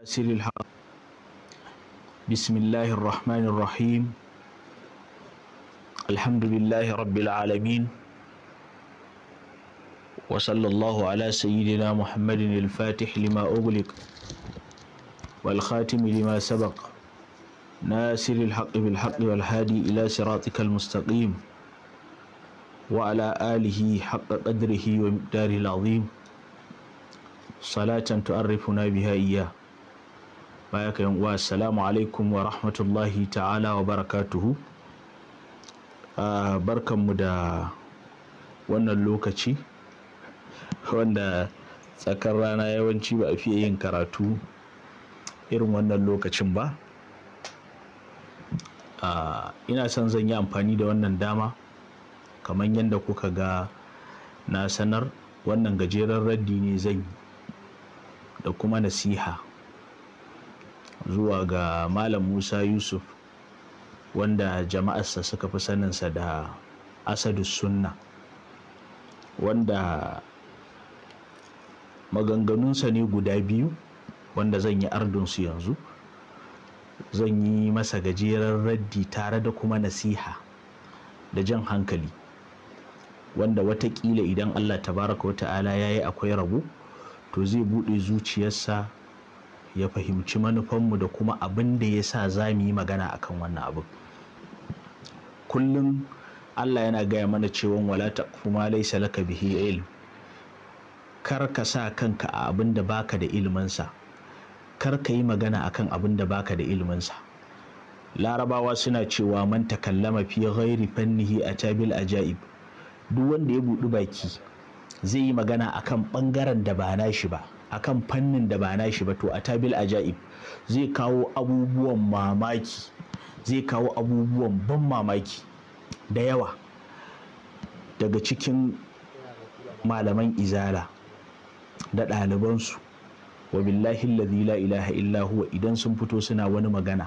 سر الحق بسم الله الرحمن الرحيم الحمد لله رب العالمين وصلى الله على سيدنا محمد الفاتح لما أغلق والخاتم لما سبق ناصر الحق بالحق والهادي إلى صراطك المستقيم وعلى آله حق قدره ومقداره العظيم صلاة تعرفنا بها إياه baya ka uwa assalamu alaikum wa rahmatullahi ta'ala wa barakatuhu ah, barkanmu da wannan lokaci wanda tsakar rana yawanci ba a fiye yin karatu irin wannan lokacin ba ah, ina son zan yi amfani da wannan dama kamar yadda kuka ga na sanar wannan gajeren raddi ne zan yi da kuma nasiha zuwa ga malam musa yusuf wanda jama'arsa suka fi saninsa da asadu sunna wanda maganganunsa ne guda biyu wanda zan yi ardunsu yanzu zan yi masa gajeren raddi tare da kuma nasiha da jan hankali wanda watakila idan allah tabaraka wa ta'ala ya yi akwai rabu to zai buɗe zuciyarsa ya fahimci manufanmu da kuma abin da ya sa za mu yi magana akan wannan abin kullum allah yana gaya mana cewa wala kuma laisa laka bihi ilm kar ka sa kanka a abin da baka da ilminsa kar ka yi magana a kan abin da baka da ilminsa larabawa suna cewa man takallama fi ghairi fannihi a tabil ajaib duk wanda ya buɗi baki zai yi magana akan ɓangaren da ba nashi ba akan fannin da ba shi ba to a tabil ajaib zai kawo abubuwan mamaki zai kawo abubuwan ban mamaki da yawa daga cikin malaman izala da ɗalibansu wa billahi alladhi la ilaha illahu idan sun fito suna wani magana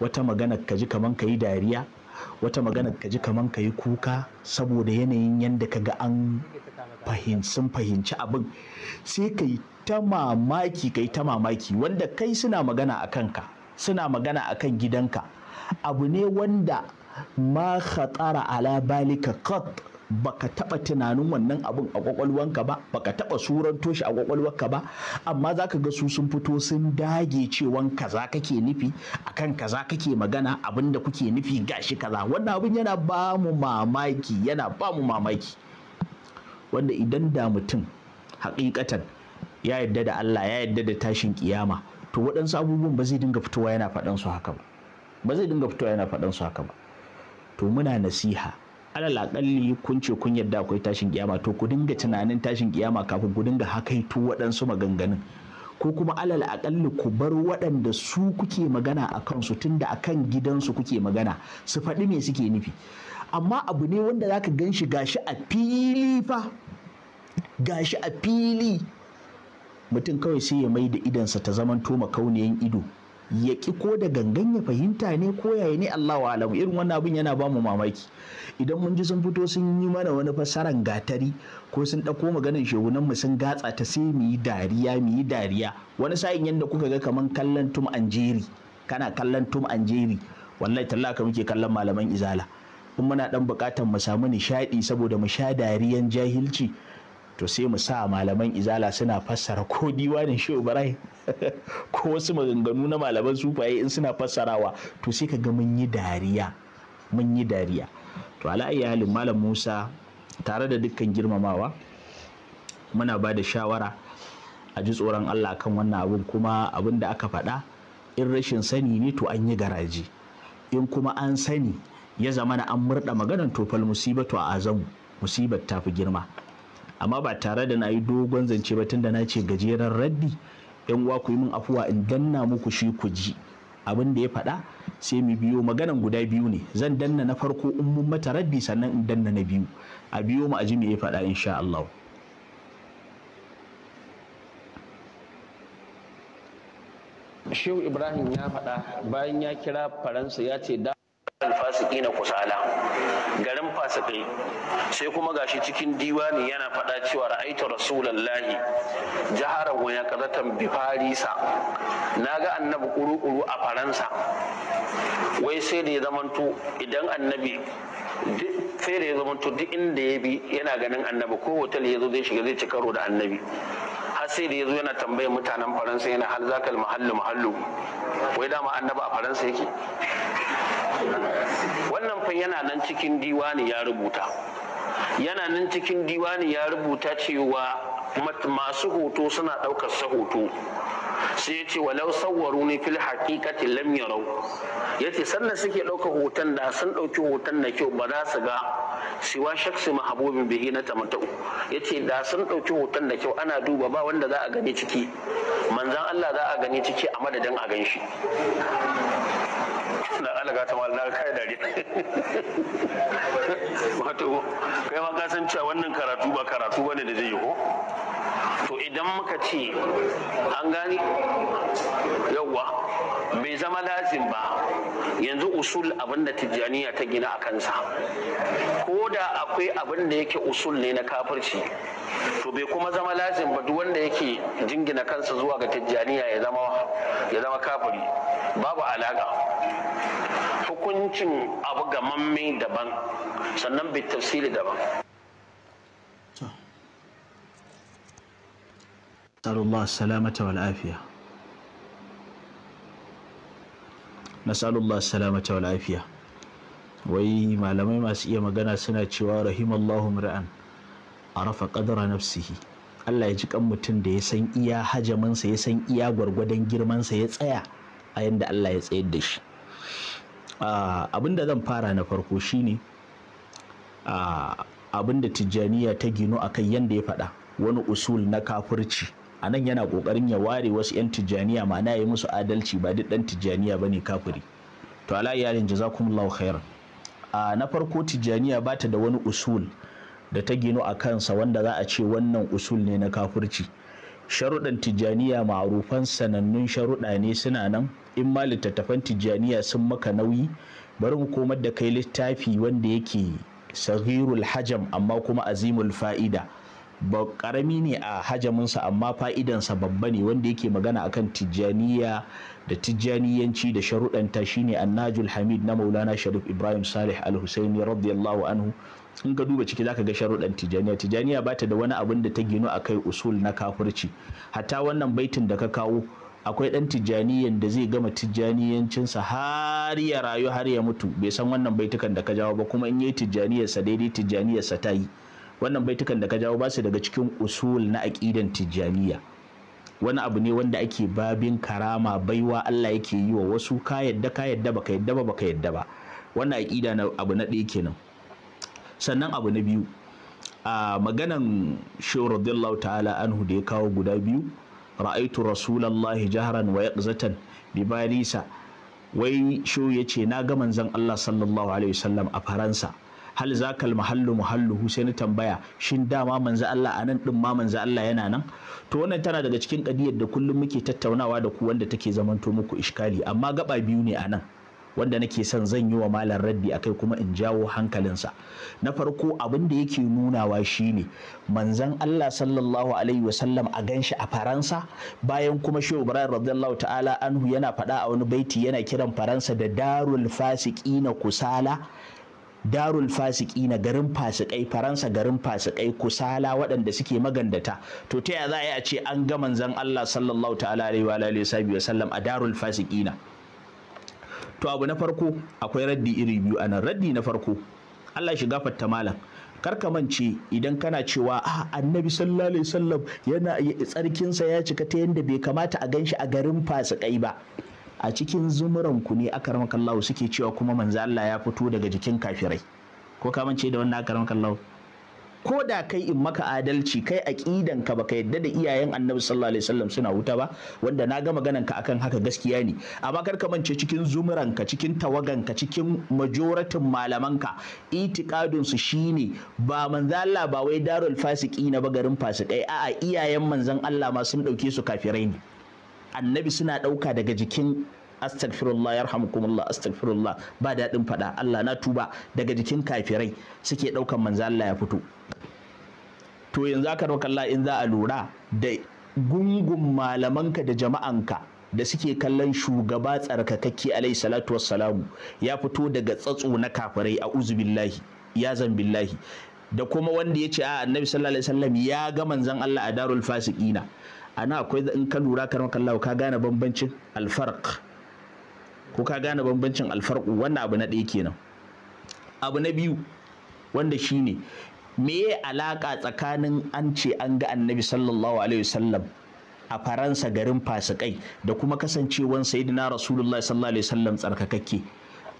wata magana ka ji kaman ka yi dariya wata magana ka ji kaman ka yi kuka saboda yanayin yadda ka ga an sun fahimci abin sai ka yi ta mamaki ka yi ta mamaki wanda kai suna magana a kanka suna magana a kan gidanka abu ne wanda ma khatara ala balika qat baka taba tunanin wannan abun a kwakwalwanka ba baka taba suranto toshi a kwakwalwanka ba amma zaka ga su sun fito sun dage cewan kaza kake nufi akan kaza kake magana abin da kuke nufi gashi kaza wannan abun yana ba mu mamaki yana ba mu mamaki wanda idan da mutum hakikatan ya yadda da Allah ya yadda da tashin kiyama to waɗansu abubuwan ba zai dinga fitowa yana faɗan su haka ba ba zai dinga fitowa yana faɗan su haka ba to muna nasiha alal akalli kun ce kun yarda akwai tashin kiyama to ku dinga tunanin tashin kiyama kafin ku dinga hakaito waɗansu maganganun ko kuma alal akalli ku bar waɗanda su kuke magana a kansu tunda akan gidansu kuke magana su faɗi me suke nufi amma abu ne wanda zaka gan shi gashi a fili fa gashi a fili mutum kawai sai ya mai da idansa ta zamanto makauniyan ido ya ƙi ko da gangan ya fahimta ne ko yaya ne Allah wa alamu irin wannan abin yana ba mu mamaki idan mun ji sun fito sun yi mana wani fassaran gatari ko sun ɗauko maganin shegunan mu sun gatsa ta sai mu yi dariya mu yi dariya wani sa'in yadda kuka ga kaman kallon tum anjeri kana kallon tum anjeri wallahi talla ka muke kallon malaman izala kuma muna dan buƙatar mu samu nishaɗi saboda mu sha dariyan jahilci to sai mu sa malaman izala suna fassara ko diwanin shehu ko wasu maganganu na malaman sufaye in suna fassarawa to sai ka ga mun yi dariya mun yi dariya to ala halin malam musa tare da dukkan girmamawa muna ba da shawara a ji tsoron allah kan wannan abun kuma abin da aka faɗa in rashin sani ne to an yi garaji in kuma an sani ya zama zamana an murɗa maganan tofal musibatu a azamu musibar ta fi girma amma ba tare da na yi dogon zance ba tun da na ce gajeren raddi yan uwa ku yi min afuwa in danna muku shi ku ji abin da ya faɗa sai mu biyo maganan guda biyu ne zan danna na farko in mun mata raddi sannan in danna na biyu a biyo mu a ji me ya faɗa insha Allah Shehu Ibrahim ya faɗa bayan ya kira Faransa ya ce da alfasikina kusala garin fasikai sai kuma gashi cikin diwani yana faɗa cewa ra'aitu rasulallahi jahara wa yaqzatan bi farisa Na ga annabi kuru-kuru a faransa wai sai da ya zamanto idan annabi sai da ya zamanto duk inda ya bi yana ganin annabi ko hotel ya zo zai shiga zai ci karo da annabi har sai da ya zo yana tambayar mutanen faransa yana hal zakal mahallu mahallu wai dama annabi a faransa yake wannan fa yana nan cikin diwani ya rubuta yana nan cikin diwani ya rubuta cewa masu hoto suna ɗaukar sa hoto sai ya ce walau sawwaru ne fil haƙiƙatin lam yarau ce sannan suke ɗaukar hoton da sun ɗauki hoton da kyau ba za su ga siwa shaksi mahabubin bihi na tamatau ce da sun ɗauki hoton da kyau ana duba ba wanda za a gani ciki manzan Allah za a gani ciki a madadin a gan shi na alaga ta mal na kai ri wato kai ma ka san cewa wannan karatu ba karatu bane da zai yi ko to idan muka ce an gani yawa bai zama lazim ba yanzu usul abin da tijjaniya ta gina a kansa ko da akwai abin da yake usul ne na kafirci to bai kuma zama lazim ba duk wanda yake jingina kansa zuwa ga tijjaniya ya zama ya zama kafiri babu alaka hukuncin abu gamamme daban sannan bai tafsiri daban نسأل الله السلامة والعافية نسأل الله السلامة wai malamai masu iya magana suna cewa rahimallahu mur'an a rafa kadara nafsihi Allah ya ji kan mutum da ya san iya hajamansa ya san iya gwargwadon girmansa ya tsaya a yadda Allah ya tsayar da shi abin da zan fara na farko shine abin da tijjaniya ta gino a kai yadda ya faɗa wani usul na kafurci a nan yana ƙoƙarin ya ware wasu 'yan tijjaniya ma'ana ya yi musu adalci ba duk ɗan tijjaniya ba ne kafiri to ala iyalin jazakumullahu khairan a na farko tijjaniya ba ta da wani usul da ta gino a kansa wanda za a ce wannan usul ne na kafirci sharuɗan tijjaniya ma'arufan sanannun sharuɗa ne suna nan in ma littattafan tijjaniya sun maka nauyi bari mu komar da kai littafi wanda yake sahirul hajam amma kuma azimul fa'ida ba karami ne a hajaminsa amma fa'idansa babba ne wanda yake magana akan tijjaniya da tijjaniyanci da sharuɗanta shine annajul hamid na maulana sharif ibrahim salih al-husaini radiyallahu anhu in ka duba ciki zaka ga sharuɗan tijjaniya tijjaniya ba ta da wani abin da ta gino a kai usul na kafirci hatta wannan baitin da ka kawo akwai ɗan tijjaniyan da zai gama tijjaniyancinsa har ya rayu har ya mutu bai san wannan baitukan da ka jawo ba kuma in yi tijjaniyarsa daidai tijjaniyarsa ta yi wannan baitukan da ka jawo ba su daga cikin usul na aqidan tijjaniya wani abu ne wanda ake babin karama baiwa Allah yake yi wa wasu ka yadda ka yadda baka yadda ba baka yadda ba wannan aqida na abu na ɗaya kenan sannan abu na biyu a maganan shehu radiyallahu ta'ala anhu da ya kawo guda biyu ra'aitu rasulallahi jaharan wa yaqzatan bi balisa wai shehu yace na ga manzon Allah sallallahu alaihi wasallam a Faransa hal zakal muhallu muhalluhu sai na tambaya shin dama manzo Allah a nan din ma manzo Allah yana nan to wannan tana daga cikin kadiyar da kullum muke tattaunawa da ku wanda take zamanto muku iskali amma gaba biyu ne a nan wanda nake son zan yi wa malam raddi akai kuma in jawo hankalinsa na farko abin da yake nunawa shine manzon Allah sallallahu alaihi wasallam a ganshi a Faransa bayan kuma Shehu Ibrahim radiyallahu ta'ala anhu yana faɗa a wani baiti yana kiran Faransa da darul fasiqina kusala darul fasiki na garin fasikai faransa garin fasikai kusala waɗanda suke magandata to ta ya za a ce an ga manzan Allah sallallahu ta'ala alaihi wa alihi wa sallam a darul fasiki na? to abu na farko akwai raddi iri biyu anan raddi na farko Allah shi gafarta malam karka mance idan kana cewa a ah, annabi sallallahu alaihi wasallam yana tsarkinsa ya cika ta yadda bai kamata a ganshi a garin fasikai ba a cikin zumuran ku ne akaramakallahu suke cewa kuma manzo Allah ya fito daga jikin kafirai ko ka mance da wannan ko da kai in maka adalci kai aqidan ka baka yadda da iyayen Annabi sallallahu alaihi wasallam suna wuta ba wanda na ga maganan ka akan haka gaskiya ne amma kar ka mance cikin zumuran ka cikin tawagan ka cikin majoratin malaman ka itikadun su shine ba manzo Allah ba wai darul fasiki na ba garin fasikai a'a iyayen manzon Allah ma sun dauke su kafirai ne annabi suna ɗauka daga jikin astagfirullah yarhamukumullah astagfirullah ba daɗin faɗa Allah na tuba daga jikin kafirai suke ɗaukan manzo Allah ya fito to yanzu aka roƙa Allah in za a lura da gungun malamanka da jama'anka da suke kallon shugaba tsarkakakke alaihi salatu wassalamu ya fito daga tsatso na kafirai a uzubillahi ya zambillahi da kuma wanda ya ce a annabi sallallahu alaihi wasallam ya ga manzon Allah a darul fasiqina ana akwai in ka lura karamar kallawa ka gane bambancin alfarq ko ka gane bambancin alfarqu wannan abu na ɗaya kenan abu na biyu wanda shine me alaƙa tsakanin an ce an ga annabi sallallahu alaihi wasallam a faransa garin fasikai da kuma kasancewan sayyidina rasulullahi sallallahu alaihi wasallam tsarkakakke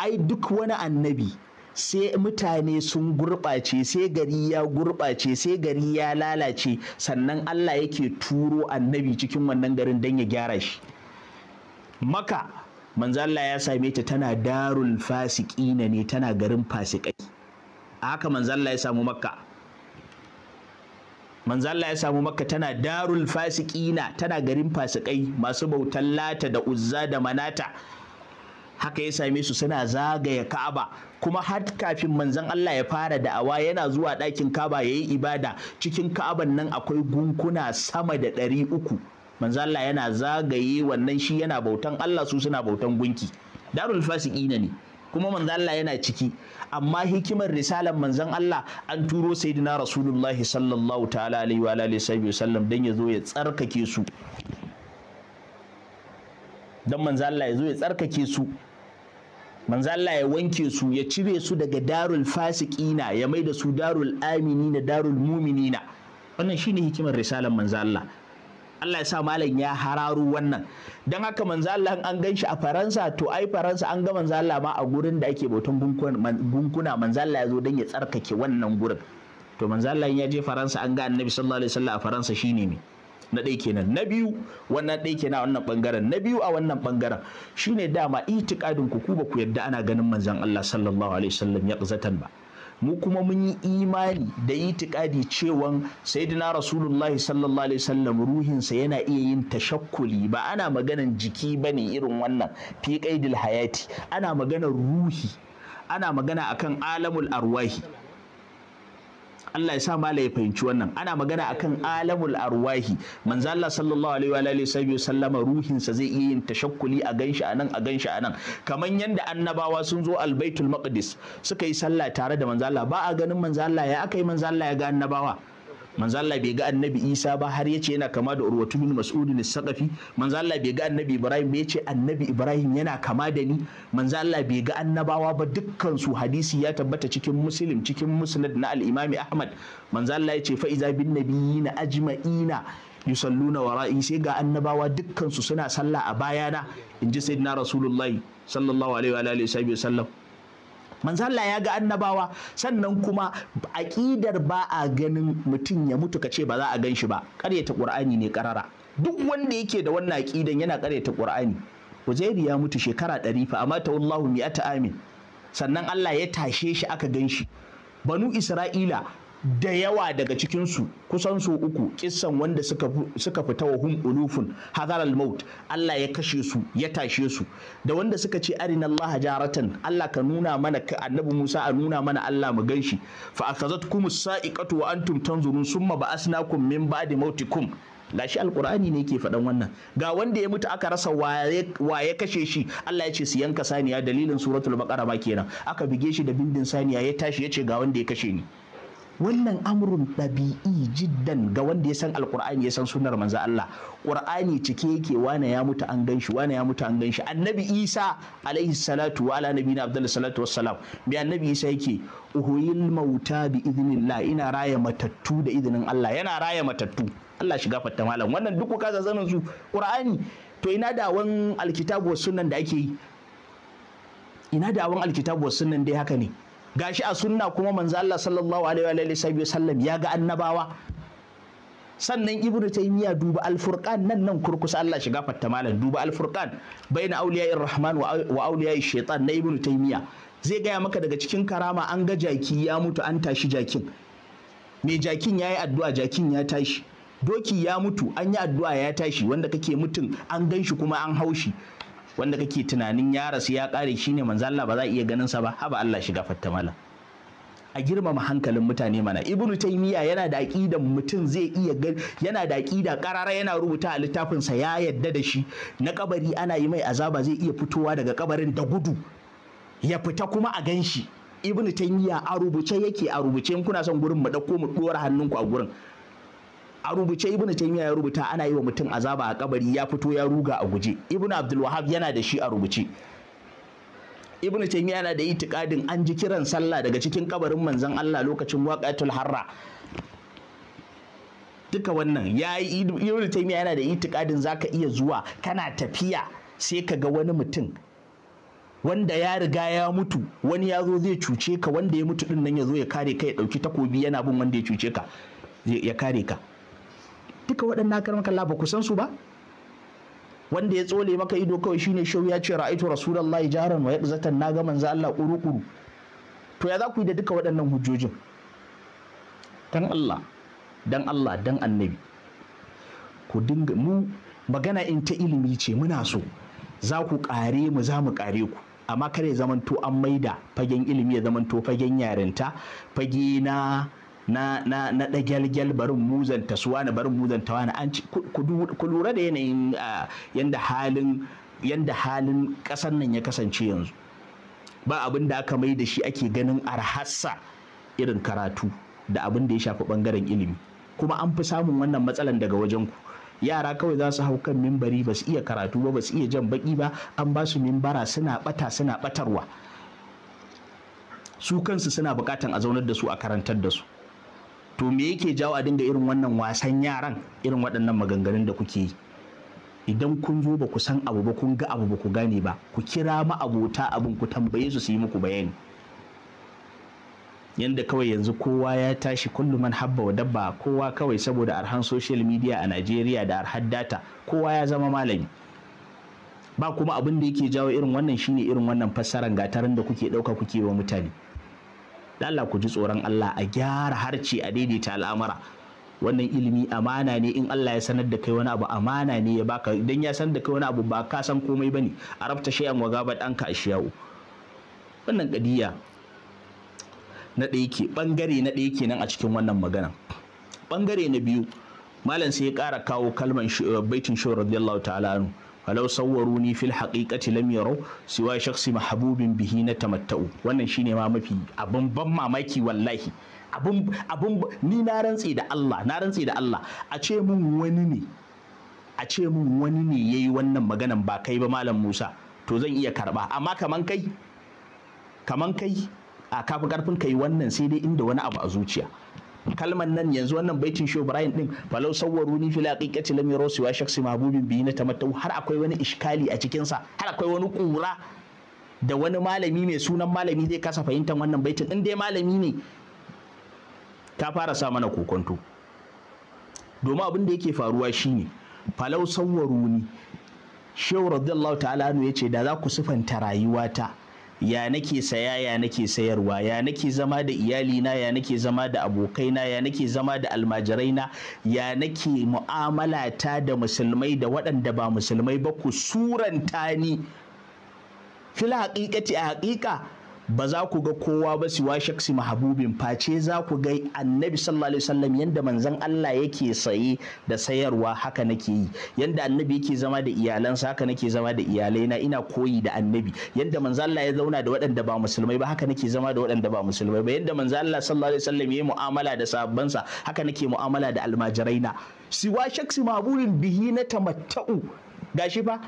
ai duk wani annabi sai mutane sun gurɓace sai gari ya gurɓace sai gari ya lalace sannan Allah yake turo annabi cikin wannan garin don ya gyara shi maka manzo Allah ya same ta tana darul fasikina ne tana garin fasikai haka manzo ya samu makka manzo ya samu makka tana darul fasikina tana garin fasikai masu bautan lata da uzza da manata haka ya same su suna zagaya ka'aba kuma har kafin manzon Allah ya fara da'awa yana zuwa ɗakin Kaba ya yi ibada cikin Kaban nan akwai gunkuna sama da ɗari uku manzon Allah yana zagaye wannan shi yana bautan Allah su suna bautan gunki darul fasiki ne kuma manzon Allah yana ciki amma hikimar risalar manzon Allah an turo sayyidina rasulullahi sallallahu ta'ala alaihi wa alihi sallam dan ya zo ya tsarkake su dan manzon Allah ya zo ya tsarkake su manzo ya wanke su ya cire su daga darul fasikina ya mai da su darul amini aminina darul muminina wannan shine hikimar risalar manzo Allah Allah ya sa malam ya hararo wannan don haka manzo an gan shi a Faransa to ai Faransa an ga manzo ma a gurin da ake bautan bunkuna manzo ya zo don ya tsarkake wannan gurin to manzo Allah ya je Faransa an ga Annabi sallallahu alaihi wasallam a Faransa shine ne na ɗaya kenan na biyu wannan ɗaya kenan a wannan ɓangaren na biyu a wannan ɓangaren shine dama itikadin ku ba ku yadda ana ganin manzon Allah sallallahu alaihi wasallam ya ƙazatan ba mu kuma mun yi imani da itikadi cewan sayyidina rasulullah sallallahu alaihi wasallam ruhinsa yana iya yin tashakkuli ba ana maganan jiki bane irin wannan fi qaidil hayati ana maganar ruhi ana magana akan alamul arwahi Allah ya sa mala ya fahimci wannan ana magana akan alamul arwahi manzo Allah sallallahu alaihi wa alihi wa sallama ruhinsa zai iya yin tashakkuli a ganshi anan a ganshi anan Kamar yanda annabawa sun zo albaitul maqdis suka yi sallah tare da manzo Allah ba a ganin manzo Allah ya aka yi manzo Allah ya ga annabawa manzo Allah bai ga annabi Isa ba har yace yana kama da Urwatu bin Mas'ud ne sakafi manzo Allah bai ga annabi Ibrahim ba yace annabi Ibrahim yana kama da ni manzo Allah bai ga annabawa ba dukkan su hadisi ya tabbata cikin Muslim cikin Musnad na al-Imam Ahmad manzo Allah yace fa iza bin nabiyina ajma'ina yusalluna wara'i sai ga annabawa dukkan su suna sallah a bayana inji sayyidina Rasulullahi sallallahu alaihi wa alihi wasallam Manzalla ya ga annabawa sannan kuma aƙidar ba a ganin mutum ya mutu ka ce ba za a gan shi ba ƙaryata ƙur'ani ne ƙarara duk wanda yake da wannan aƙidan yana ƙaryata ƙur'ani uzairi ya mutu shekara ɗari fa amma ta wallahu mi'ata amin sannan Allah ya tashe shi aka gan shi banu Isra'ila da yawa daga cikinsu kusan su uku kissan wanda suka fita wa hum ulufun hazar maut Allah ya kashe su ya tashe su da wanda suka ce arin Allah jaratan Allah ka nuna mana ka annabi Musa a nuna mana Allah mu ganshi fa akhazatkum sa'iqatu wa antum tanzurun summa ba'asnakum min ba'di mautikum lashi alkur'ani ne ke faɗan wannan ga wanda ya mutu aka rasa waye kashe shi Allah ya ce su yanka saniya dalilin suratul baqara ma kenan aka bige shi da bindin saniya ya tashi ya ce ga wanda ya kashe ni wannan amurin ɗabi'i jiddan ga wanda ya san alkur'ani ya san sunar manzo Allah qur'ani cike yake wane ya mutu an ganshi wane ya mutu an ganshi annabi Isa alaihi salatu wa ala nabiyina abdullahi salatu wassalam bi annabi Isa yake uhuyil mauta bi idnillah ina raya matattu da idinin Allah yana raya matattu Allah shiga fatta malam wannan duk ku kaza sanin su qur'ani to ina da wan alkitabu sunan da ake yi ina da wan alkitabu sunan dai haka ne gashi a sunna kuma manzo Allah sallallahu alaihi wa sallam ya ga annabawa sannan ibnu taymiya duba alfurqan nan nan kurkusa Allah shiga fatta malam duba alfurqan baina awliya'ir rahman wa awliya'ish shaytan na ibnu taymiya zai gaya maka daga cikin karama an ga jaki ya mutu an tashi jakin mai jakin ya yi addu'a jakin ya tashi doki ya mutu an yi addu'a ya tashi wanda kake mutum an gan shi kuma an haushi wanda kake tunanin ya rasu ya kare shine manzo Allah ba za a iya ganin sa ba haba Allah shiga fatta mala a girmama hankalin mutane mana ibnu taymiya yana da aqidan mutum zai iya yana da aqida karara yana rubuta a littafin sa ya yadda da shi na kabari ana yi mai azaba zai iya fitowa daga kabarin da gudu ya fita kuma a ganshi ibnu taymiya a rubuce yake a rubuce in kuna son gurin mu dauko mu dora hannunku a gurin a rubuce ibnu taymiya ya rubuta ana yi wa mutum azaba a kabari ya fito ya ruga a guje ibnu abdul wahab yana da shi a rubuce ibnu taymiya yana da itikadin an ji kiran sallah daga cikin kabarin manzon Allah lokacin waqatul harra duka wannan ya ibnu taymiya yana da itikadin zaka iya zuwa kana tafiya sai ka ga wani mutum wanda ya riga ya mutu wani ya zo zai cuce ka wanda ya mutu din nan ya zo ya kare ka ya dauki takobi yana bin wanda ya cuce ka ya kare ka duka waɗannan karin kalla ba ku san su ba wanda ya tsole maka ido kawai shine shehu ya ce ra'aitu rasulullahi jaran wa yaqzatan na ga manzo Allah kuru to ya za ku yi da duka waɗannan hujjojin dan Allah dan Allah dan annabi ku dinga mu magana in ta ilimi ce muna so za ku ƙare mu za mu ƙare ku amma kare zamanto an maida fagen ilimi ya zamanto fagen yarinta fage na na na na dagyalgyal barin muzanta su na barin muzanta wani an ci ku lura da yanayin yanda halin yanda halin ƙasar nan ya kasance yanzu ba abin da aka mai da shi ake ganin arhassa irin karatu da abin da ya shafi bangaren ilimi kuma an fi samun wannan matsalan daga wajen ku yara kawai za su hau kan mimbari ba su iya karatu ba ba su iya jan baki ba an ba su mimbara suna bata suna batarwa su kansu suna bukatan a zaunar da su a karantar da su to me yake jawo a dinga irin wannan wasan yaran irin waɗannan maganganun da kuke yi idan kun zo ba ku san abu ba kun ga abu ba ku gane ba ku kira abota abin ku tambaye su su yi muku bayani yanda kawai yanzu kowa ya tashi kullum man habba wa dabba kowa kawai saboda arhan social media a Najeriya da arhan data kowa ya zama malami ba kuma abin da yake jawo irin wannan shine irin wannan fassaran gatarin da kuke ɗauka kuke wa mutane da Allah ku ji tsoron Allah a gyara harce a daidaita al'amura wannan ilimi amana ne in Allah ya sanar da kai wani abu amana ne ya baka idan ya sanar da kai wani abu ba ka san komai bane arabta shay'an wa gabat ka ashiyawo wannan kadiya na ɗaya ke bangare na ɗaya nan a cikin wannan magana bangare na biyu malam sai ya kara kawo kalman baitin shawar radiyallahu ta'ala anhu falau ni fil haqiqati lam siwa shakhsi mahabubin bihi na tamatta'u wannan shine ma mafi abin ban mamaki wallahi abin ni na rantse da Allah na rantse da Allah a ce mun wani ne a ce mun wani ne yayi wannan maganan ba kai ba malam Musa to zan iya karba amma kaman kai kaman kai a kafi karfin kai wannan sai dai inda wani abu a zuciya Kalmar nan yanzu wannan baitin shi Ibrahim din falau sawwaru ni fil haqiqati lam yaro siwa shakhsi mahbubin bi na tamattu har akwai wani iskali a cikin sa har akwai wani kura da wani malami mai sunan malami zai kasa fahimtar wannan baitin in dai malami ne ta fara sa mana kokonto domin abin da yake faruwa shine falau sawwaru ni shehu radiyallahu ta'ala ya ce da za ku sifanta rayuwata ya nake saya ya nake sayarwa ya nake zama da iyalina ya nake zama da abokaina ya nake zama da almajiraina ya nake mu'amala ta da musulmai da waɗanda ba musulmai ba ku suranta ni fil haƙiƙati a haƙiƙa ba za ku ga kowa ba siwa shaksi mahabubin face za ku ga annabi sallallahu alaihi wasallam yanda manzon Allah yake saye da sayarwa haka nake yi yanda annabi yake zama da iyalansa haka nake zama da iyalaina ina koyi da annabi yanda manzon Allah ya zauna da waɗanda ba musulmai ba haka nake zama da waɗanda ba musulmai ba yanda manzon Allah sallallahu alaihi wasallam yayi mu'amala da sahabbansa haka nake mu'amala da almajiraina siwa shaksi mahabubin bihi na tamatta'u gashi fa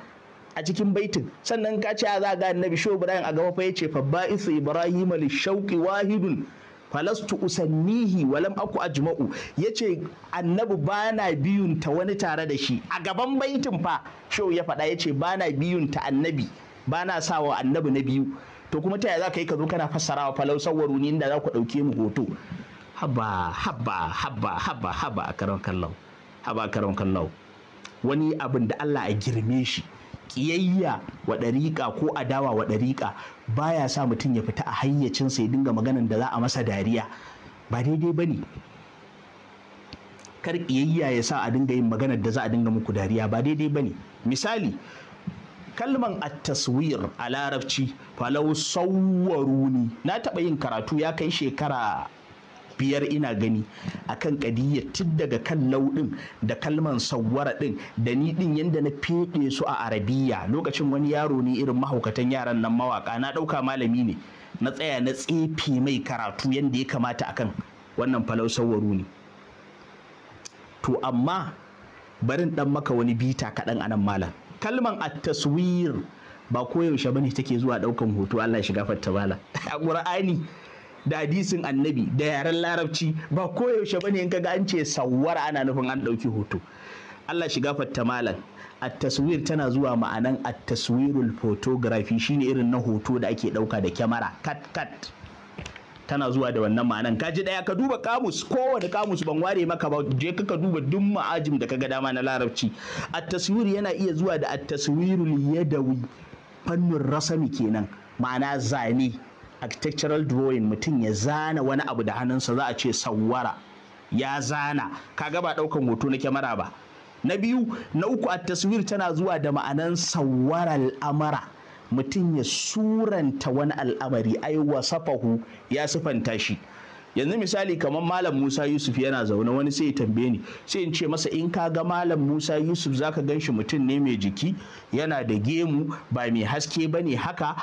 a cikin baitin sannan ka ce za ga annabi sho ibrahim a gaba fa yace fa ba'isu ibrahim li shauqi wahidun falastu usannihi walam aku ajma'u yace annabi bana biyun ta wani tare da shi a gaban baitin fa sho ya faɗa yace bana biyun ta annabi bana sawa annabi na biyu to kuma ta yaya za ka yi ka zo kana fassarawa falau sawwaru ni inda za ku ɗauke mu hoto haba haba haba haba haba a karon kallon haba a karon kallon wani abin da Allah a girme shi ƙiyayya wa ɗariƙa ko adawa wa ɗariƙa baya sa mutum ya fita a hayyacinsa ya dinga maganan da za a masa dariya ba daidai ba ne kar ƙiyayya ya sa a dinga yin maganar da za a dinga muku dariya ba daidai ba ne misali kalman a taswir a larabci falau sawwaruni na taɓa yin karatu ya kai shekara biyar ina gani akan kadiyya tun daga kan lauɗin da kalman sawwara din. da ni din yadda na feɗe su a arabiya lokacin wani yaro ne irin mahaukatan yaran nan mawaka na ɗauka malami ne na tsaya na tsefe mai karatu yadda ya kamata akan wannan falau sawwaro ne to amma barin ɗan maka wani bita kaɗan anan malam kalman at-taswir ba koyaushe ba ne take zuwa ɗaukan hoto Allah ya shiga fatta bala a ƙur'ani da hadisin annabi da yaren larabci ba koyaushe ba ne in kaga an ce sawwara ana nufin an ɗauki hoto Allah shiga fatta malam at tana zuwa ma'anan at-taswirul photography shine irin na hoto da ake ɗauka da kyamara kat kat tana zuwa da wannan ma'anan ka ji daya ka duba kamus kowane kamus ban ware maka ba je ka duba duk ma'ajin da kaga dama na larabci at yana iya zuwa da at-taswirul yadawi fannin rasami kenan ma'ana zane architectural drawing mutum ya zana wani abu da hannunsa za a ce sawwara ya zana kaga ba ɗaukan hoto na kyamara ba na biyu na uku a taswir tana zuwa da ma'anan sawwara al'amara mutum ya suranta wani al'amari ai wasafahu ya sufanta shi yanzu misali kamar malam musa yusuf yana zaune wani sai ya tambaye ni sai in ce masa in ka ga malam musa yusuf zaka gan shi mutum ne mai jiki yana da gemu ba mai haske bane haka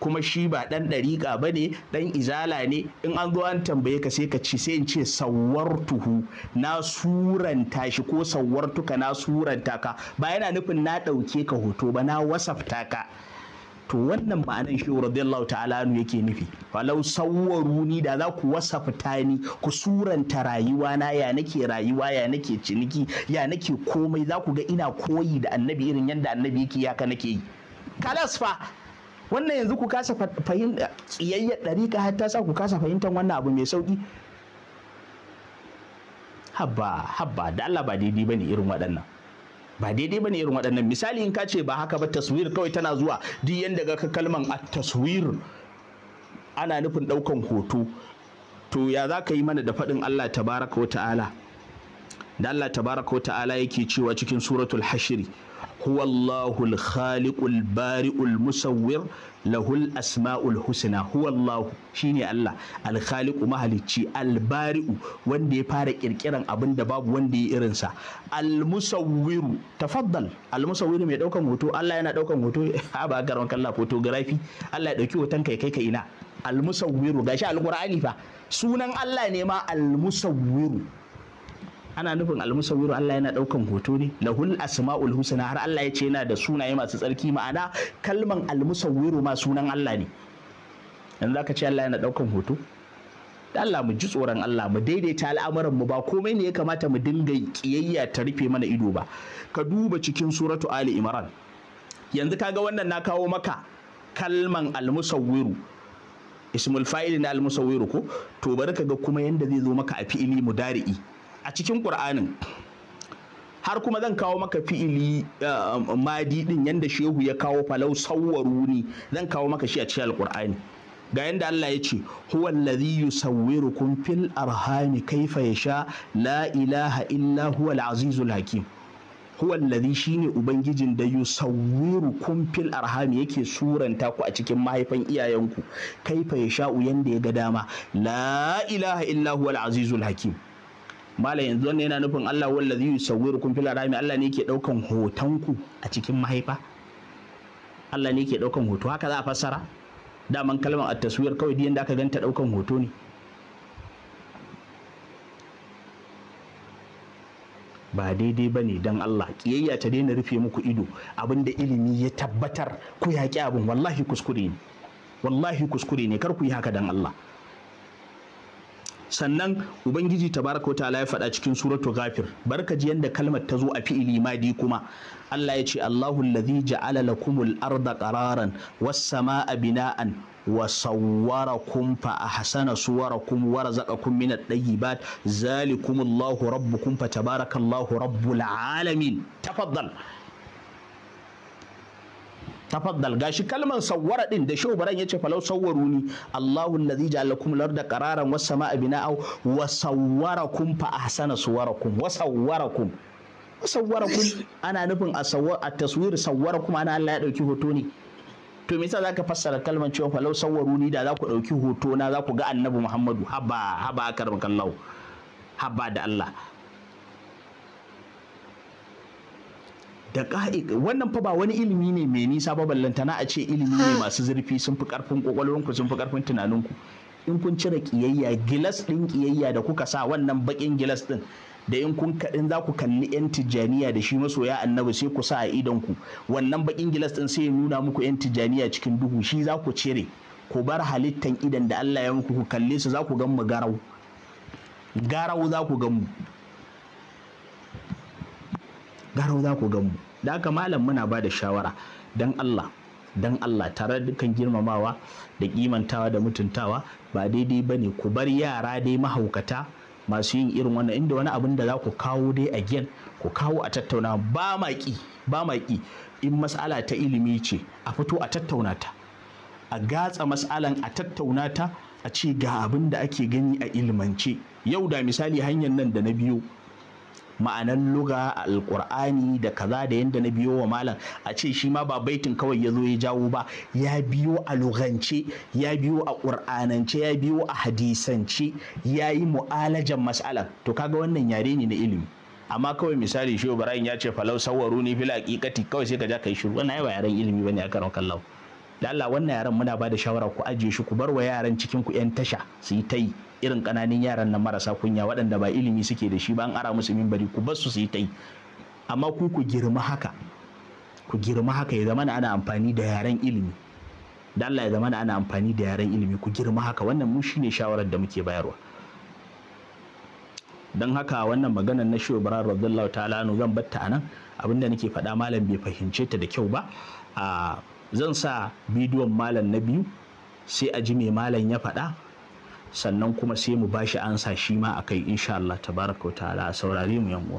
kuma shi ba ɗan ɗariƙa ba ne ɗan izala ne in an zo an tambaye ka sai ka ci sai in ce tuhu na suranta shi ko sawwartuka na suranta ka ba yana nufin na ɗauke ka hoto ba na wasafta ka to wannan ma'anan shi radiyallahu ta'ala anu yake nufi walau sawwaru ni da za ku wasafta ni ku suranta rayuwa na ya nake rayuwa ya nake ciniki ya nake komai za ku ga ina koyi da annabi irin yadda annabi yake yaka nake yi kalas fa wannan yanzu ku kasa fahimta tsiyayyar ɗariƙa har ta sa ku kasa fahimtar wannan abu mai sauƙi habba habba da Allah ba daidai bane irin waɗannan ba daidai bane irin waɗannan misali in ka ce ba haka ba taswir kawai tana zuwa duk yanda ga kalman a taswir ana nufin ɗaukan hoto to ya za ka yi mana da faɗin Allah tabaraka wa ta'ala da Allah tabaraka wa ta'ala yake cewa cikin suratul hashiri huwallahu Bari'u bari'ul musawwir lahul asma'ul husna shi ne Allah alkhaliqu mahalicci Al Bari'u wanda ya fara kirkiran abinda babu wanda ya irin sa almusawwiru tafaddal almusawwiru mai ɗaukan hoto Allah yana daukan hoto a ba garan kalla photography Allah ya ɗauki hoton kai kai kai ina almusawwiru gashi alqur'ani fa sunan Allah ne ma almusawwiru ana nufin almusawiru Allah yana daukan hoto ne lahul asmaul husna har Allah ya ce yana da sunaye masu tsarki ma'ana kalman almusawiru ma sunan Allah ne yanzu zaka ce Allah yana daukan hoto Allah mu ji tsoron Allah mu daidaita al'amuran mu ba komai ne ya kamata mu dinga kiyayya ta rufe mana ido ba ka duba cikin suratu ali imran yanzu kaga wannan na kawo maka kalman almusawiru ismul fa'il na almusawiru ko to bari ka ga kuma yanda zai zo maka a fi'ili mudari'i a cikin ƙur'anin har kuma zan kawo maka fi'ili eh, madi din yadda shehu ya kawo falau sawwaruni zan kawo maka shi a cikin Al-Ƙur'ani. ga yadda Allah ya ce huwa allazi yusawwirukum fil arhami kaifa yasha la ilaha illa huwa al-azizul hakim huwa allazi shine ubangijin da yusawwirukum fil arhami yake suranta ku a cikin mahaifan iyayenku kaifa uyan yanda ya ga dama la ilaha illa huwa al-azizul hakim malam yanzu wannan yana nufin Allah wallazi kun fil arami Allah ne yake daukan hoton a cikin mahaifa Allah ne yake daukan hoto haka za a fassara daman kalmar at-taswir kawai diyan da aka ganta daukan hoto ne ba daidai ba ne don Allah kiyayya ta daina rufe muku ido abinda ilimi ya tabbatar ku yaƙi abin wallahi kuskure ne wallahi kuskure ne kar ku yi haka don Allah sannan ubangiji tabaraka wa ta'ala ya faɗa cikin suratu ghafir barka ji yanda kalmar ta zo a fi'ili madi kuma Allah ya ce Allahu alladhi ja'ala lakumul arda qararan was samaa bina'an wa sawwarakum fa ahsana suwarakum wa razaqakum min at-tayyibat zalikumullahu rabbukum fa tabarakallahu rabbul alamin tafaddal tafaddal gashi kalman sawwara din da shehu baran yace falau sawwaruni Allahu allazi ja'alakum larda qararan was sama'a bina'aw wa sawwarakum fa ahsana suwarakum wa sawwarakum sawwarakum ana nufin a taswir sawwarakum ana Allah ya dauki hoto ne to me yasa zaka fassara kalman cewa falau sawwaruni da za ku dauki hoto na za ku ga annabi Muhammadu haba haba karbakallahu haba da Allah da wannan fa ba wani ilimi ne mai nisa ba ballantana a ce ilimi ne masu zurfi sun fi karfin ƙwaƙwalwanku sun fi karfin tunaninku in kun cire ƙiyayya gilas din ƙiyayya da kuka sa wannan bakin gilas din da in kun kaɗin za ku kalli 'yan tijjaniya da shi masoya annabi sai ku sa a idonku wannan baƙin gilas din sai ya nuna muku 'yan tijjaniya cikin duhu shi za ku cire ku bar halittan idan da Allah ya muku ku kalle su za ku gan mu garau garau za ku gan mu garau za ku gan mu da haka malam muna ba da shawara dan Allah dan Allah tare da dukkan girmamawa da kimantawa da mutuntawa ba daidai ba ne ku bar yara dai mahaukata masu yin irin wannan inda wani abin da za ku kawo dai a gen ku kawo a tattauna ba maƙi ba maƙi in mas'ala ta ilimi ce a fito a tattauna ta a gatsa mas'alan a tattauna ta a ce ga abin da ake gani a ilimance yau da misali hanyar nan da na biyo ma'anar luga a alkur'ani da kaza da yadda na biyo wa malam a ce shi ma ba baitin kawai ya zo ya jawo ba ya biyo a lugance ya biyo a ƙur'anance ya biyo a hadisance ya yi mu'alajan mas'ala to kaga wannan yare ne na ilimi amma kawai misali shi ibrahim ya ce falau sawaru ni fil haqiqati kawai sai ka ja kai shiru wannan ai ba yaren ilimi bane a karon kallahu da Allah wannan yaren muna ba da shawara ku ajiye shi ku bar wa yaran cikin ku yan tasha su yi ta yi irin kananun yaran nan marasa kunya waɗanda ba ilimi suke da shi ba an ara musu mimbari ku bar su su yi ta yi amma ku ku girma haka ku girma haka ya ana amfani da yaren ilimi da Allah ya ana amfani da yaren ilimi ku girma haka wannan mu shine shawarar da muke bayarwa don haka wannan maganar na shehu bara radiyallahu ta'ala anu zan batta anan abinda nake faɗa malam bai fahimce ta da kyau ba a ah, zan sa bidiyon malam na biyu sai a ji mai malam ya faɗa sannan kuma sai mu bashi ansa shi ma a kai insha Allah tabaraka wa ta'ala saurare mu yan uwa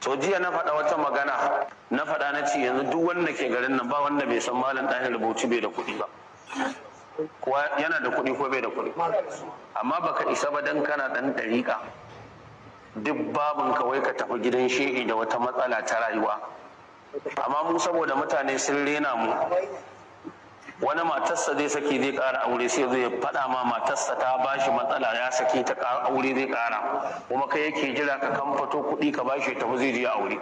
to jiya na faɗa wata magana na faɗa na ce yanzu duk wanda ke garin nan ba wanda bai san malam ɗahin rubutu bai da kuɗi ba kuwa yana da kuɗi ko bai da kuɗi amma baka isa ba dan kana ɗan ɗariƙa duk babin kawai ka tafi gidan shehi da wata matsala ta rayuwa amma mu saboda mutane sun rena mu wani matarsa zai saki zai ƙara aure sai zai faɗa ma matarsa ta bashi matsala ya saki ta ƙara aure zai ƙara kuma kai yake jira ka kan fito kuɗi ka bashi ta zai je aure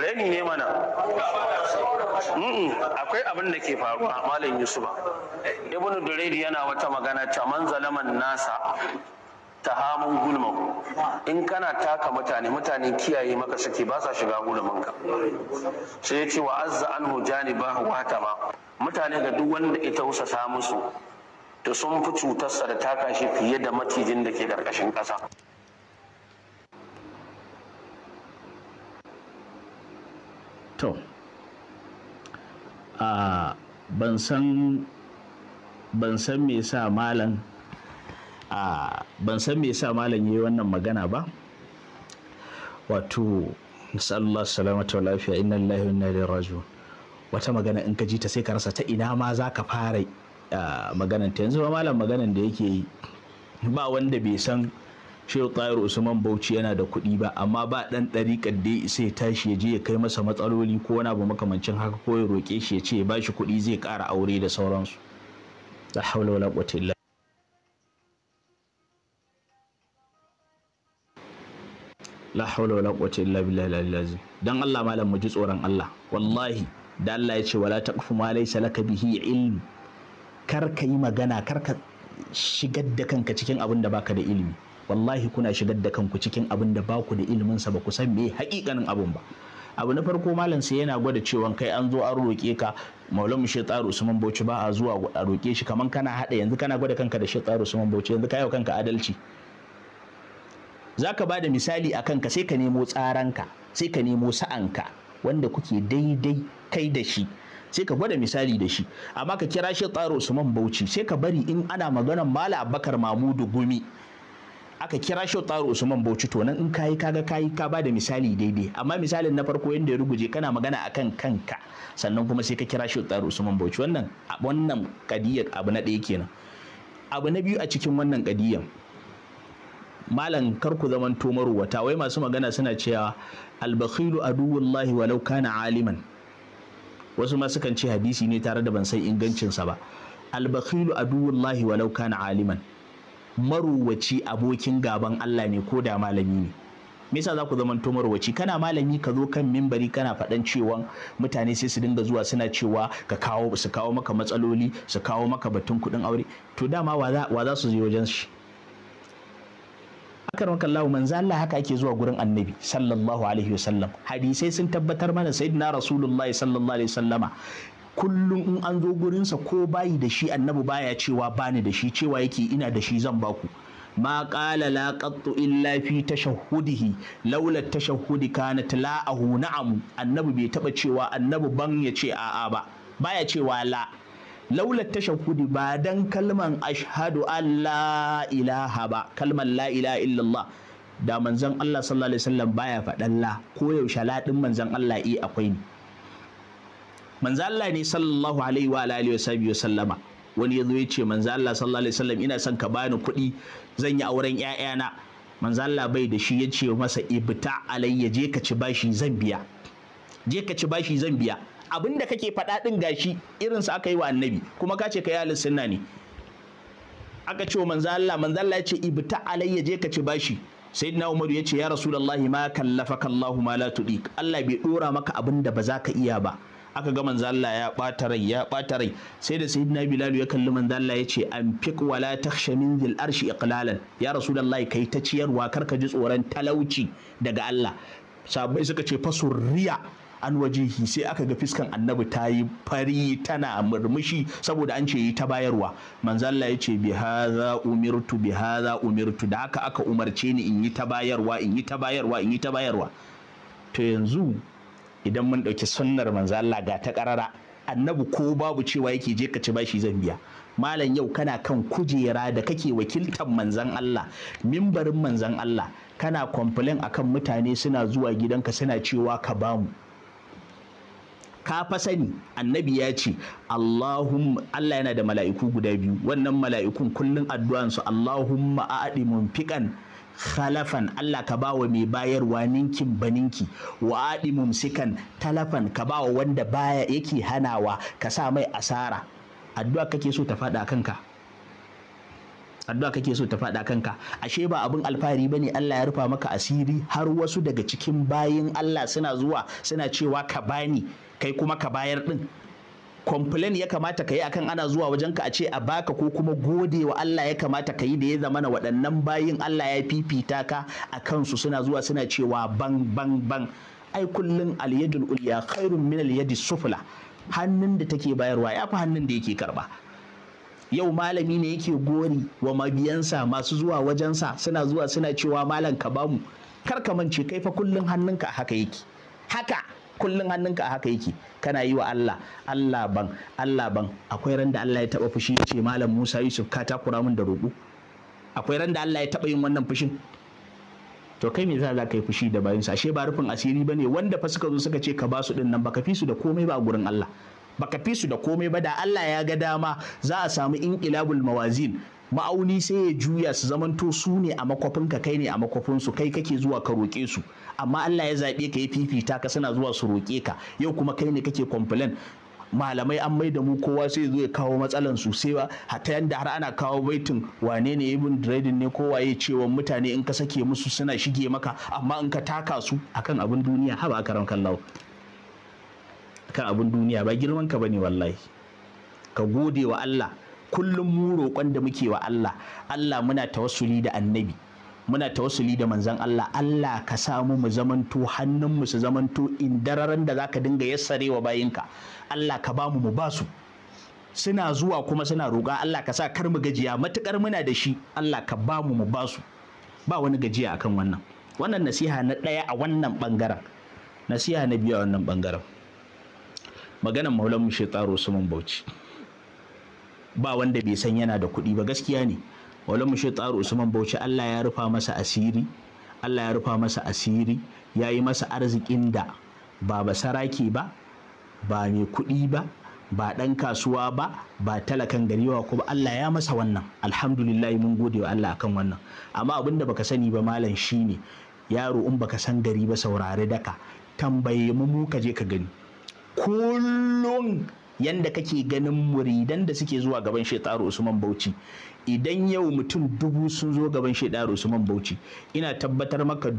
reni ne mana akwai abin da ke faruwa malam yusufa ibnu duraydi yana wata magana ta manzalaman nasa ta tahamun gulma in kana taka mutane mutane kiyaye maka suke ba sa shiga ka sai ya ce wa azza anhu ba wata ba mutane ga duk wanda ita tausasa musu to sun fi cutarsa da taka shi fiye da macijin da ke karkashin ƙasa to a ban san me sa malam a ban san me yasa malam yi wannan magana ba wato nasallallahu salamata wa lafiya inna lillahi wa inna ilaihi raji'un wata magana in ka ji ta sai ka rasa ta ina ma zaka fara maganan ta yanzu ba malam maganan da yake yi ba wanda bai san shehu tsayar usman bauchi yana da kuɗi ba amma ba ɗan ɗari da sai tashi ya je ya kai masa matsaloli ko wani abu makamancin haka ko ya roƙe shi ya ce ya bashi kuɗi zai ƙara aure da sauransu la haula wala quwwata la hawla wala quwwata illa billahi al azim dan Allah malam mu ji tsoron Allah wallahi da Allah ya ce wala taqfu ma laysa laka bihi ilm kar ka yi magana kar ka shigar da kanka cikin abin da baka da ilimi wallahi kuna shigar da kanku cikin abin da baku da ilimin sa ba ku san me hakikanin abun ba abu na farko malam sai yana gwada cewa kai an zo an roƙe ka maulan mu shetaru usman bauchi ba a zuwa a roke shi kaman kana hada yanzu kana gwada kanka da shetaru usman bauchi yanzu ka kayo kanka adalci za ka ba da misali a kanka sai ka nemo tsaranka sai ka nemo sa'anka wanda kuke daidai kai da shi sai ka gwada misali da shi amma ka kira shi tsaro usman bauchi sai ka bari in ana maganar mala abakar mamudu gumi aka kira shi tsaro usman bauchi to nan in kayi kaga kayi ka ba da misali daidai amma misalin na farko yanda ya ruguje kana magana akan kanka sannan kuma sai ka kira shi tsaro usman bauchi wannan wannan kadiyar abu na ɗaya kenan abu na biyu a cikin wannan kadiyan malam kar ku zaman to maruwata wai masu magana suna cewa albakhilu aduwullahi walau kana aliman wasu ma sukan ce hadisi ne tare da ban san ingancinsa ba albakhilu aduwullahi walau kana aliman maruwaci abokin gaban Allah ne ko da malami ne me yasa za ku zaman to maruwaci kana malami ka zo kan mimbari kana faɗan cewa mutane sai su dinga zuwa suna cewa ka kawo su kawo maka matsaloli su kawo maka batun kuɗin aure to dama wa za su je wajen shi karon kallahu manzo Allah haka ake zuwa gurin annabi sallallahu alaihi wasallam hadisai sun tabbatar mana sayyidina rasulullahi sallallahu alaihi wasallama kullum in an zo gurinsa ko bayi da shi annabi baya cewa bani da shi cewa yake ina da shi zan baku ma qala la qattu illa fi tashahhudihi laula tashahhudi kanat la'ahu na'am annabi bai taba cewa annabi ban ya ce a'a ba baya cewa la' laula tashahudi ba dan kalman ashhadu Allah ilaha ba kalman la ilaha illallah da manzon Allah sallallahu alaihi wasallam baya faɗan la ko yaushe la din manzon Allah i akwai ne. manzon Allah ne sallallahu alaihi wa alihi wa sallama wani yazo ya ce manzon Allah sallallahu alaihi wasallam ina son ka bani kuɗi zan yi auren ƴaƴana manzon Allah bai da shi ya ce masa ibta alayya je ka ci bashi zan biya je ka ci bashi zan biya abin da kake faɗa ɗin gashi irinsa aka yi wa annabi kuma ka ce ka yi ahlus sunna ne aka ce wa manzo Allah manzo Allah ya ce ibta alayya je ka ci bashi sayyidina Umar ya ce ya rasulullahi ma kallafaka Allahu ma la tudik Allah bai dora maka abin da ba za ka iya ba aka ga manzo Allah ya ɓata rai ya ɓata rai sai da sayyidina Bilal ya kalli manzo Allah ya ce an fiq wala takhsha min dhil arshi iqlalan ya rasulullahi kai ta ciyarwa karka ji tsoron talauci daga Allah sabai suka ce fasurriya an wajihi sai aka ga fiskan annabi ta yi fari tana murmushi saboda an ce yi ta bayarwa manzalla ya ce bi haza umirtu bi haza umirtu da haka aka umarce ni in yi ta bayarwa in yi ta bayarwa in yi ta bayarwa to yanzu idan mun ɗauki sunnar manzalla ga ta karara annabi ko babu cewa yake je ka ci bashi zan biya malam yau kana kan kujera da kake wakiltar manzan Allah mimbarin manzan Allah kana complain akan mutane suna zuwa gidanka suna cewa ka bamu ka fa sani annabi ya ce Allahumma Allah yana da mala'iku guda biyu wannan mala'ikun kullun addu'an su Allahumma a'di fiƙan khalafan Allah ka ba wa mai bayarwa ninkin baninki wa a'di mumsikan talafan ka ba wa wanda baya yake hanawa ka sa mai asara addu'a kake so ta faɗa kanka addu'a kake so ta faɗa kanka ashe ba abin alfahari bane Allah ya rufa maka asiri har wasu daga cikin bayin Allah suna zuwa suna cewa ka bani kai kuma ka bayar din complain ya kamata ka yi akan ana zuwa wajenka a ce a baka ko kuma gode wa Allah ya kamata ka yi da ya zamana waɗannan bayin Allah ya fifita ka a kansu suna zuwa suna cewa ban ban ban ai kullun alyadul ulya khairun min al sufla hannun da take bayarwa ya fi hannun da yake karba yau malami ne yake gori wa mabiyansa masu zuwa wajensa suna zuwa suna cewa malam ka bamu kar ka mance kai fa kullun hannunka haka yake haka kullun hannunka haka yake kana yi wa Allah Allah ban Allah ban akwai ran da Allah ya taba fushi ce malam Musa Yusuf ka takura min da roƙo akwai ran da Allah ya taba yin wannan fushin to kai me za ka yi fushi da bayansa ashe ba rufin asiri bane wanda fa suka zo suka ce ka ba su din nan baka fi su da komai ba gurin Allah baka fi su da komai ba da Allah ya ga dama za a samu inqilabul mawazin ma'auni sai ya juya su zamanto su ne a makwafinka kai ne a makwafinsu kai kake zuwa ka roƙe su amma Allah ya zaɓe ka ya fifita ka suna zuwa su roƙe ka yau kuma kai ne kake complain malamai an mai da mu kowa sai zo ya kawo matsalan su sai hatta yanda har ana kawo baitin wane ne ibn dreadin ne kowa ya cewa mutane in ka sake musu suna shige maka amma in ka taka su akan abin duniya haba karan kallawa kan abin duniya ba girman ka bane wallahi ka gode wa Allah kullum mu roƙon da muke wa Allah Allah muna tawassuli da annabi muna tawassuli da manzon Allah Allah ka samu mu zamanto mu su zamanto indararan da zaka dinga yassarewa bayinka Allah ka bamu mu basu suna zuwa kuma suna roƙa Allah ka sa kar mu gajiya matukar muna da shi Allah ka bamu mu basu ba wani gajiya akan wannan wannan nasiha na ɗaya a wannan ɓangaren nasiha na biyu a wannan bangaren maganan maulan mu su usman bauchi ba wanda bai san yana da kuɗi ba gaskiya ne maulan mu su usman bauchi Allah ya rufa masa asiri Allah ya rufa masa asiri ya yi masa arzikin da ba basaraki ba ba mai kuɗi ba ba dan kasuwa ba ba talakan gari ba kuma Allah ya masa wannan alhamdulillah mun gode wa Allah akan wannan amma abin da baka sani ba malam shine yaro in baka san gari ba saurare daka tambaye mu mu ka je ka gani kullum yanda kake ganin muridan da suke zuwa gaban shaidaru usman bauchi idan yau mutum dubu sun zo gaban shaidaru usman bauchi ina tabbatar maka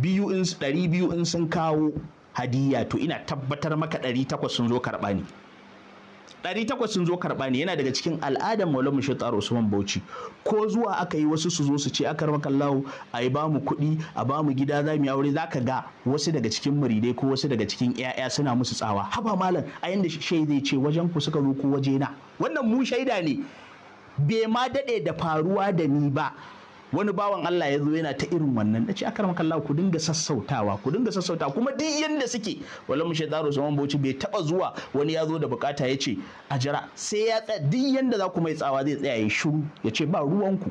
biyu in ɗari biyu in sun kawo hadiya to ina tabbatar maka ɗari takwas sun zo karɓa ne ɗari takwas sun zo karɓa ne yana daga cikin al'adar maulama shaitar usman bauchi ko zuwa aka yi wasu su zo su ce aka rama lawo a yi bamu kuɗi a bamu gida za mu yi aure ka ga wasu daga cikin muridai ko wasu daga cikin ƴaƴa suna musu tsawa haba malam a yanda shaidai ce wajen ku suka zo ko waje na wannan mu shaida ne bai ma daɗe da faruwa da ni ba wani bawan Allah ya zo yana ta irin wannan da ce akaram kallahu ku dinga sassautawa ku dinga sassautawa kuma duk yanda suke wala mushe su zaman bauchi bai taba zuwa wani ya zo da bukata ya ce a jira sai ya tsaya duk yanda za ku mai tsawa zai tsaya ya shiru ya ce ba ruwanku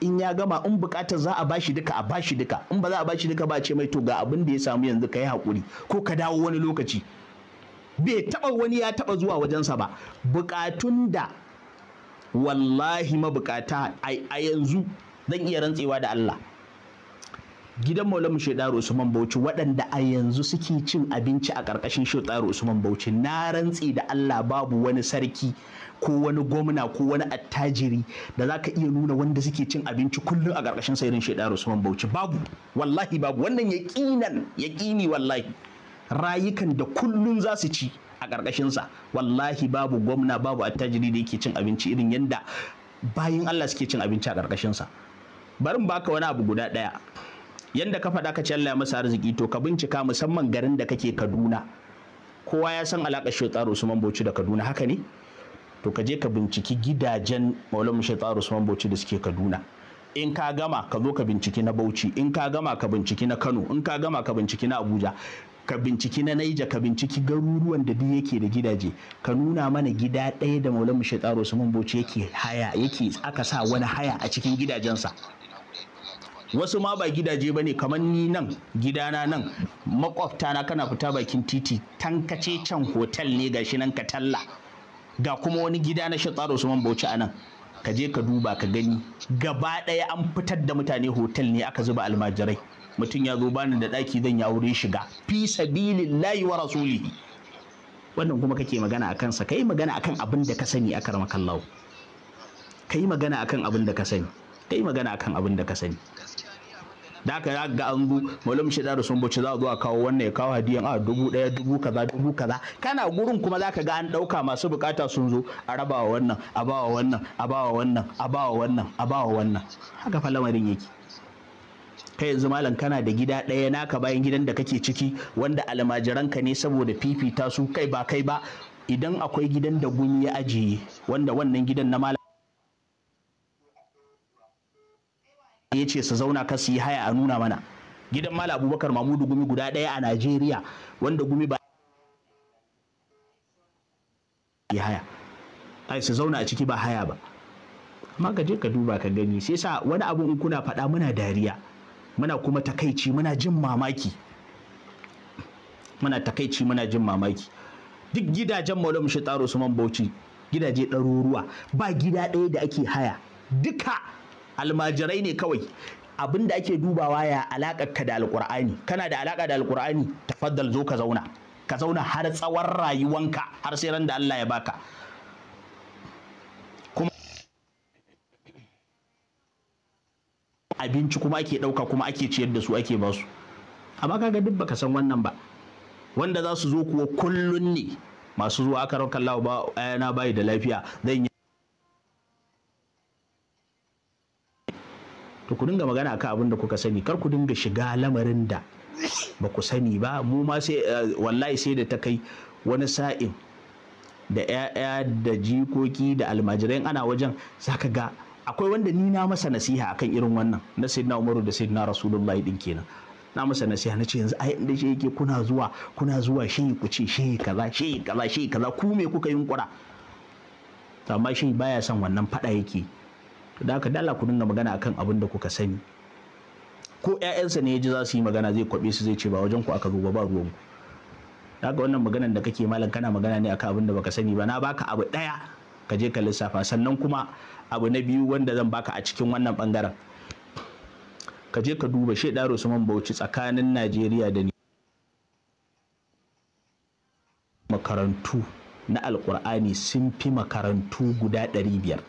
in ya gama in bukatar za a bashi duka a bashi duka in ba za a bashi duka ba ce mai to ga abin da ya samu yanzu ka hakuri ko ka dawo wani lokaci bai taba wani ya taba zuwa wajensa ba bukatun da wallahi mabukata a yanzu zan iya rantsewa da Allah gidan Maulana shaidar Usman Bauchi waɗanda a yanzu suke cin abinci a ƙarƙashin Shedaru Usman Bauchi na rantse da Allah babu wani sarki ko wani gwamna ko wani attajiri da za ka iya nuna wanda suke cin abinci kullum a ƙarƙashin sairin Shedaru Usman Bauchi babu wallahi babu wannan ya ya yaƙini wallahi rayukan da kullum za su ci a ƙarƙashinsa wallahi babu gwamna babu attajiri da yake cin abinci irin yanda bayan Allah suke cin abinci a ƙarƙashinsa. Barin mu baka wani abu guda ɗaya Yadda ka faɗa ka ce masa arziki to ka bincika musamman garin da kake Kaduna kowa ya san alaƙar Shaitar Usman Bauchi da Kaduna haka ne to ka je ka binciki gidajen Maulana Shaitar Usman Bauchi da suke Kaduna in ka gama ka zo ka binciki na Bauchi in ka gama ka binciki na Kano in ka gama ka binciki na Abuja ka binciki na Naija ka binciki garuruwan da duk yake da gidaje ka nuna mana gida ɗaya da Maulana Shaitar Usman Bauchi yake haya yake aka sa wani haya a cikin gidajensa wasu ma ba gidaje ba ne kamar ni nan gidana nan makwabta na kana fita bakin titi tankace can hotel ne ga shi nan ka talla ga kuma wani gida na tsara man bauchi a nan ka je ka duba ka gani gaba ɗaya an fitar da mutane hotel ne aka zuba almajirai mutum ya zo bani da ɗaki zan ya wuri shiga fi sabilillahi wa rasuli. wannan kuma kake magana akan sa kai magana akan abin da ka sani a kai magana akan abin da ka sani kai magana akan abin da ka sani da haka za ga an zo malam shi da sun bace za a zo a kawo wannan ya kawo hadiyan a dubu ɗaya dubu kaza dubu kaza kana gurin kuma za ka ga an ɗauka masu bukata sun zo a raba wa wannan a ba wa wannan a ba wa wannan a ba wa wannan a ba wa wannan haka fa lamarin yake kai yanzu malam kana da gida ɗaya naka bayan gidan da kake ciki wanda almajiranka ne saboda fifita su kai ba kai ba idan akwai gidan da gumi ya ajiye wanda wannan gidan na malam ya ce su zauna ka su yi haya a nuna mana gidan mala abubakar mamudu gumi guda ɗaya a najeriya wanda gumi ba ya haya ai su zauna a ciki ba haya ba amma ka je ka duba ka gani sai sa wani abu in kuna faɗa muna dariya muna kuma takaici muna jin mamaki muna takaici muna jin mamaki duk gidajen maula mushi taro su man bauchi gidaje ɗaruruwa ba gida ɗaya da ake haya duka almajirai ne kawai abin da ake dubawa ya alakar ka da Alƙur'ani. kana da alaka da alkur'ani tafaddal zo ka zauna ka zauna har tsawon rayuwanka har sai ran da Allah ya baka kuma abinci kuma ake ɗauka kuma ake ciyar da su ake ba su amma kaga duk baka san wannan ba wanda za su zo kuwa kullun ne masu zuwa aka rankan ba na bayi da lafiya zan yi to ku dinga magana ka abin da kuka sani kar ku dinga shiga lamarin da ba ku sani ba mu ma sai eh, wallahi sai da ta kai wani sa'in da 'ya'ya da jikoki da almajirai ana wajen zaka ga akwai wanda ni na masa nasiha akan irin wannan na sayyidina umaru da sayyidina rasulullahi din kenan na masa nasiha na ce yanzu ai inda shi yake kuna zuwa kuna zuwa shi ku ce shi kaza shi kaza shi kaza ku me kuka yunkura amma shi baya son wannan fada yake to da haka dala ku dinga magana akan abin da kuka sani ko ƴaƴansa ne ya ji za su yi magana zai kwaɓe su zai ce ba wajen ku aka zo ba ba ruwan ku da wannan maganar da kake malam kana magana ne akan abin da baka sani ba na baka abu ɗaya ka je ka lissafa sannan kuma abu na biyu wanda zan baka a cikin wannan bangaren ka je ka duba shaidar usman bauchi tsakanin najeriya da makarantu na alkur'ani sun fi makarantu guda 500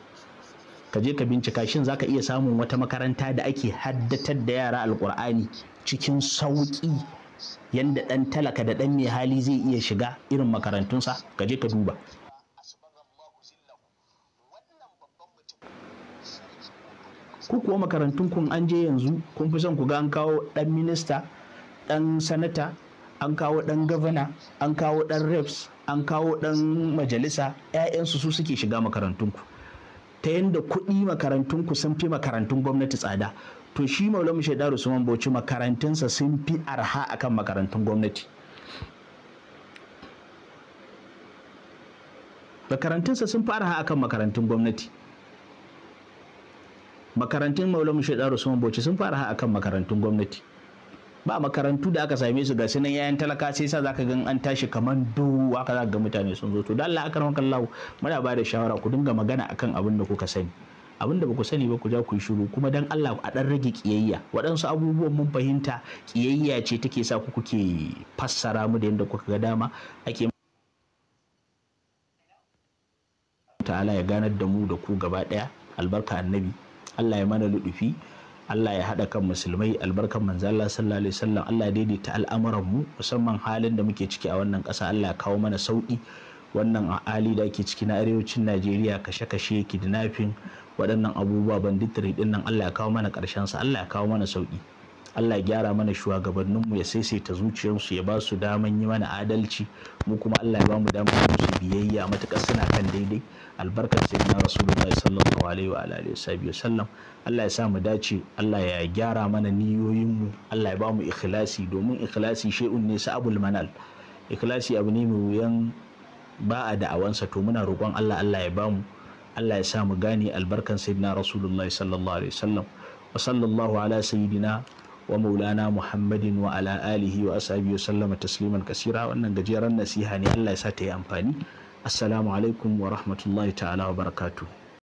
ka je ka bincika shin zaka iya samun wata makaranta da ake haddatar da yara alkur'ani cikin sauƙi yanda ɗan talaka da ɗan mai hali zai iya shiga irin makarantunsa ka je ka duba ku kuwa makarantun kun an je yanzu kun fi son ku ga an kawo ɗan minista ɗan sanata an kawo ɗan gavana an kawo ɗan reps an kawo ɗan majalisa 'ya'yansu su suke shiga makarantunku ta yadda kuɗi makarantun ku sun fi makarantun gwamnati tsada to shi maulamu shaidar usman bauchi makarantunsa sun fi arha akan makarantun gwamnati makarantunsa sun fi arha akan makarantun gwamnati makarantun maulamu shaidar usman bauchi sun fi arha akan makarantun gwamnati ba makarantu da aka same su ga sinan yayan talaka sai sa zaka gan an tashi kaman duhu aka zaka ga mutane sun zo to dan Allah akar kallahu muna ba da shawara ku dinga magana akan abin da kuka sani abin da ba ku sani ba ku ja ku yi shiru kuma dan Allah a dan rage kiyayya waɗansu abubuwan mun fahimta kiyayya ce take sa ku kuke fassara mu da yadda kuka ga dama ake ta'ala ya ganar da mu da ku gaba ɗaya albarka annabi Allah ya mana ludufi Allah ya haɗa kan musulmai albarkan manzo Allah sallallahu alaihi wasallam Allah ya daidaita al'amuran mu musamman halin da muke ciki a wannan ƙasa Allah ya kawo mana sauki wannan hali da ake ciki na arewacin Najeriya kashe-kashe kidnapping waɗannan abubuwa banditiri ɗin nan Allah ya kawo mana ƙarshen sa Allah ya kawo mana sauki Allah ya gyara mana shugabanninmu ya saisaita zuciyarsu ya ba su daman yi mana adalci mu kuma Allah ya ba mu daman su biyayya matuƙar suna kan daidai albarkar sayyidina rasulullahi sallallahu alaihi wa alihi wa sallam Allah ya sa mu dace Allah ya gyara mana niyoyinmu Allah ya ba mu ikhlasi domin ikhlasi shay'un ne sa'abul manal ikhlasi abu ne mai wuyan ba a da'awansa to muna roƙon Allah Allah ya ba mu Allah ya sa mu gane albarkar sayyidina rasulullahi sallallahu alaihi wa sallam wa sallallahu ala sayyidina wa maulana muhammadin wa ala alihi wa asabi wa sallama tasliman kasira wannan gajeren nasiha ne Allah ya sa ta yi amfani assalamu alaikum wa rahmatullahi ta'ala wa barakatuh